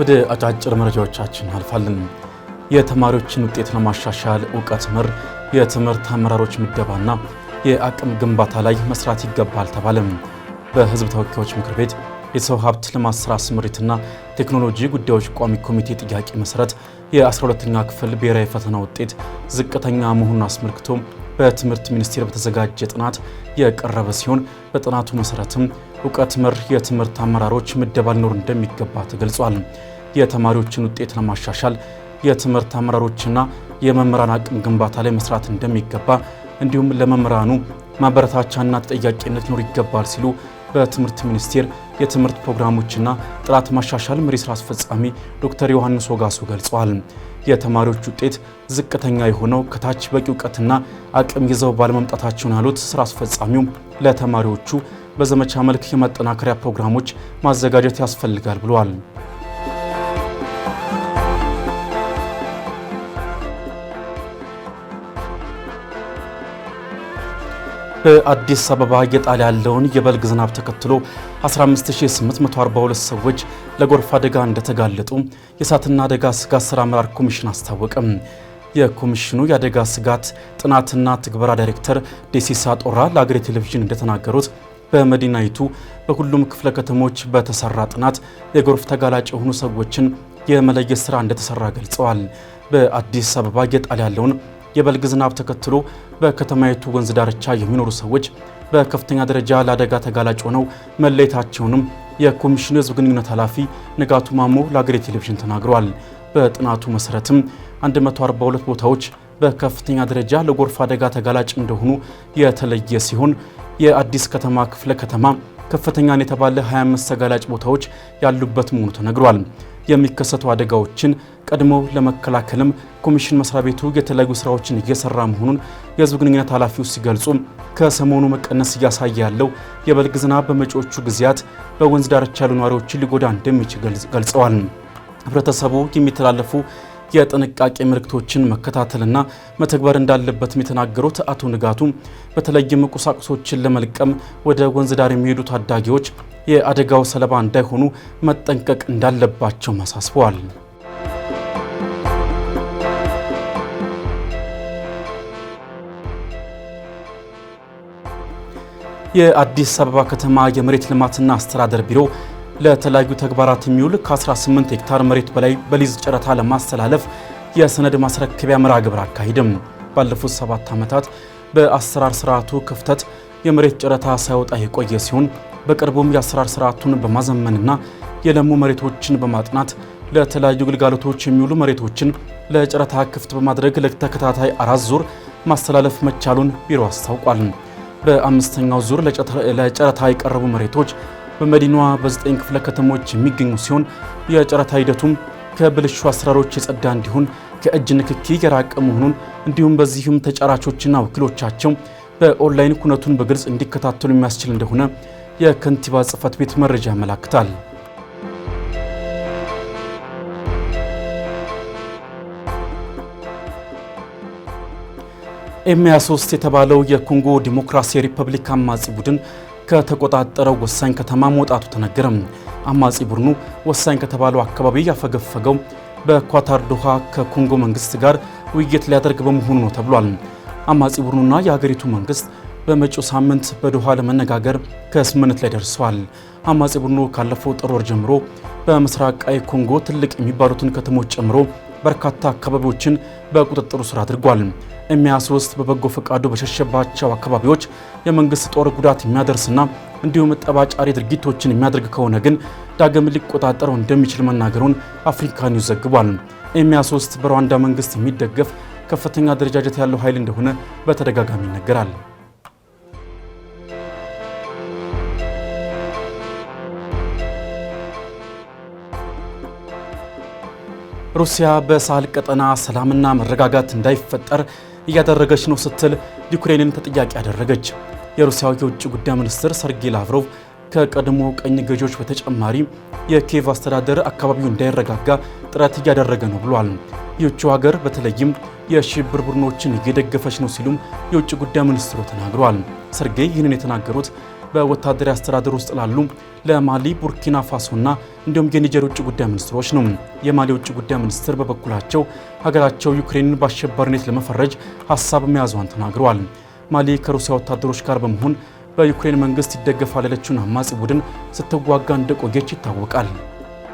ወደ አጫጭር መረጃዎቻችን አልፋለን። የተማሪዎችን ውጤት ለማሻሻል እውቀት ምር የትምህርት አመራሮች ምደባና የአቅም ግንባታ ላይ መስራት ይገባል ተባለም። በህዝብ ተወካዮች ምክር ቤት የሰው ሀብት ልማት ስራ ስምሪትና ቴክኖሎጂ ጉዳዮች ቋሚ ኮሚቴ ጥያቄ መሰረት የ12ኛ ክፍል ብሔራዊ ፈተና ውጤት ዝቅተኛ መሆኑን አስመልክቶ በትምህርት ሚኒስቴር በተዘጋጀ ጥናት የቀረበ ሲሆን በጥናቱ መሰረትም እውቀት መር የትምህርት አመራሮች ምደባ ሊኖር እንደሚገባ ተገልጿል። የተማሪዎችን ውጤት ለማሻሻል የትምህርት አመራሮችና የመምህራን አቅም ግንባታ ላይ መስራት እንደሚገባ እንዲሁም ለመምህራኑ ማበረታቻና ተጠያቂነት ሊኖር ይገባል ሲሉ በትምህርት ሚኒስቴር የትምህርት ፕሮግራሞችና ጥራት ማሻሻል መሪ ስራ አስፈጻሚ ዶክተር ዮሐንስ ወጋሱ ገልጸዋል። የተማሪዎች ውጤት ዝቅተኛ የሆነው ከታች በቂ እውቀትና አቅም ይዘው ባለመምጣታቸውን ያሉት ስራ አስፈጻሚው ለተማሪዎቹ በዘመቻ መልክ የማጠናከሪያ ፕሮግራሞች ማዘጋጀት ያስፈልጋል ብለዋል። በአዲስ አበባ እየጣለ ያለውን የበልግ ዝናብ ተከትሎ 15842 ሰዎች ለጎርፍ አደጋ እንደተጋለጡ የእሳትና አደጋ ስጋት ስራ አመራር ኮሚሽን አስታወቀም። የኮሚሽኑ የአደጋ ስጋት ጥናትና ትግበራ ዳይሬክተር ዴሲሳ ጦራ ለአገሬ ቴሌቪዥን እንደተናገሩት በመዲናይቱ በሁሉም ክፍለ ከተሞች በተሰራ ጥናት የጎርፍ ተጋላጭ የሆኑ ሰዎችን የመለየት ስራ እንደተሰራ ገልጸዋል። በአዲስ አበባ እየጣለ ያለውን የበልግ ዝናብ ተከትሎ በከተማይቱ ወንዝ ዳርቻ የሚኖሩ ሰዎች በከፍተኛ ደረጃ ለአደጋ ተጋላጭ ሆነው መለየታቸውንም የኮሚሽኑ ህዝብ ግንኙነት ኃላፊ ንጋቱ ማሞ ለሀገሬ ቴሌቪዥን ተናግረዋል። በጥናቱ መሰረትም 142 ቦታዎች በከፍተኛ ደረጃ ለጎርፍ አደጋ ተጋላጭ እንደሆኑ የተለየ ሲሆን የአዲስ ከተማ ክፍለ ከተማ ከፍተኛን የተባለ 25 ተጋላጭ ቦታዎች ያሉበት መሆኑ ተነግሯል። የሚከሰቱ አደጋዎችን ቀድሞ ለመከላከልም ኮሚሽን መስሪያ ቤቱ የተለያዩ ስራዎችን እየሰራ መሆኑን የህዝብ ግንኙነት ኃላፊው ሲገልጹ ከሰሞኑ መቀነስ እያሳየ ያለው የበልግ ዝናብ በመጪዎቹ ጊዜያት በወንዝ ዳርቻ ያሉ ነዋሪዎችን ሊጎዳ እንደሚችል ገልጸዋል። ህብረተሰቡ የሚተላለፉ የጥንቃቄ ምልክቶችን መከታተልና መተግበር እንዳለበትም የተናገሩት አቶ ንጋቱ በተለይም ቁሳቁሶችን ለመልቀም ወደ ወንዝ ዳር የሚሄዱ ታዳጊዎች የአደጋው ሰለባ እንዳይሆኑ መጠንቀቅ እንዳለባቸው አሳስበዋል። የአዲስ አበባ ከተማ የመሬት ልማትና አስተዳደር ቢሮ ለተለያዩ ተግባራት የሚውል ከ18 ሄክታር መሬት በላይ በሊዝ ጨረታ ለማስተላለፍ የሰነድ ማስረከቢያ መርሃ ግብር አካሂድም። ባለፉት ሰባት ዓመታት በአሰራር ስርዓቱ ክፍተት የመሬት ጨረታ ሳይወጣ የቆየ ሲሆን በቅርቡም የአሰራር ስርዓቱን በማዘመንና የለሙ መሬቶችን በማጥናት ለተለያዩ ግልጋሎቶች የሚውሉ መሬቶችን ለጨረታ ክፍት በማድረግ ለተከታታይ አራት ዙር ማስተላለፍ መቻሉን ቢሮ አስታውቋል። በአምስተኛው ዙር ለጨረታ የቀረቡ መሬቶች በመዲናዋ በዘጠኝ ክፍለ ከተሞች የሚገኙ ሲሆን የጨረታ ሂደቱም ከብልሹ አሰራሮች የጸዳ እንዲሆን ከእጅ ንክኪ የራቀ መሆኑን እንዲሁም በዚህም ተጫራቾችና ወኪሎቻቸው በኦንላይን ኩነቱን በግልጽ እንዲከታተሉ የሚያስችል እንደሆነ የከንቲባ ጽህፈት ቤት መረጃ ያመላክታል። ኤም 23 የተባለው የኮንጎ ዲሞክራሲ ሪፐብሊክ አማጺ ቡድን ከተቆጣጠረው ወሳኝ ከተማ መውጣቱ ተነገረም። አማጺ ቡድኑ ወሳኝ ከተባለው አካባቢ ያፈገፈገው በኳታር ዶሃ ከኮንጎ መንግስት ጋር ውይይት ሊያደርግ በመሆኑ ነው ተብሏል። አማጺ ቡድኑና የሀገሪቱ መንግስት በመጪው ሳምንት በዶሃ ለመነጋገር ከስምምነት ላይ ደርሰዋል። አማጺ ቡድኑ ካለፈው ጥር ወር ጀምሮ በምስራቃዊ ኮንጎ ትልቅ የሚባሉትን ከተሞች ጨምሮ በርካታ አካባቢዎችን በቁጥጥሩ ስር አድርጓል። ኤሚያ ውስጥ በበጎ ፈቃዱ በሸሸባቸው አካባቢዎች የመንግስት ጦር ጉዳት የሚያደርስና እንዲሁም ጠባጫሪ ድርጊቶችን የሚያደርግ ከሆነ ግን ዳግም ሊቆጣጠረው እንደሚችል መናገሩን አፍሪካ ኒውስ ዘግቧል። ኤሚያ ውስጥ በሩዋንዳ መንግስት የሚደገፍ ከፍተኛ ደረጃጀት ያለው ኃይል እንደሆነ በተደጋጋሚ ይነገራል። ሩሲያ በሳህል ቀጠና ሰላምና መረጋጋት እንዳይፈጠር እያደረገች ነው ስትል ዩክሬንን ተጠያቂ ያደረገች። የሩሲያው የውጭ ጉዳይ ሚኒስትር ሰርጌይ ላቭሮቭ ከቀድሞ ቀኝ ገዢዎች በተጨማሪ የኪየቭ አስተዳደር አካባቢው እንዳይረጋጋ ጥረት እያደረገ ነው ብሏል። ይህቺ ሀገር በተለይም የሽብር ቡድኖችን እየደገፈች ነው ሲሉም የውጭ ጉዳይ ሚኒስትሩ ተናግረዋል። ሰርጌይ ይህንን የተናገሩት በወታደራዊ አስተዳደር ውስጥ ላሉ ለማሊ፣ ቡርኪና ፋሶና እንዲሁም የኒጀር ውጭ ጉዳይ ሚኒስትሮች ነው። የማሊ ውጭ ጉዳይ ሚኒስትር በበኩላቸው ሀገራቸው ዩክሬንን በአሸባሪነት ለመፈረጅ ሀሳብ መያዟን ተናግረዋል። ማሊ ከሩሲያ ወታደሮች ጋር በመሆን በዩክሬን መንግስት ይደገፋል ያለችውን አማጺ ቡድን ስትዋጋ እንደቆየች ይታወቃል።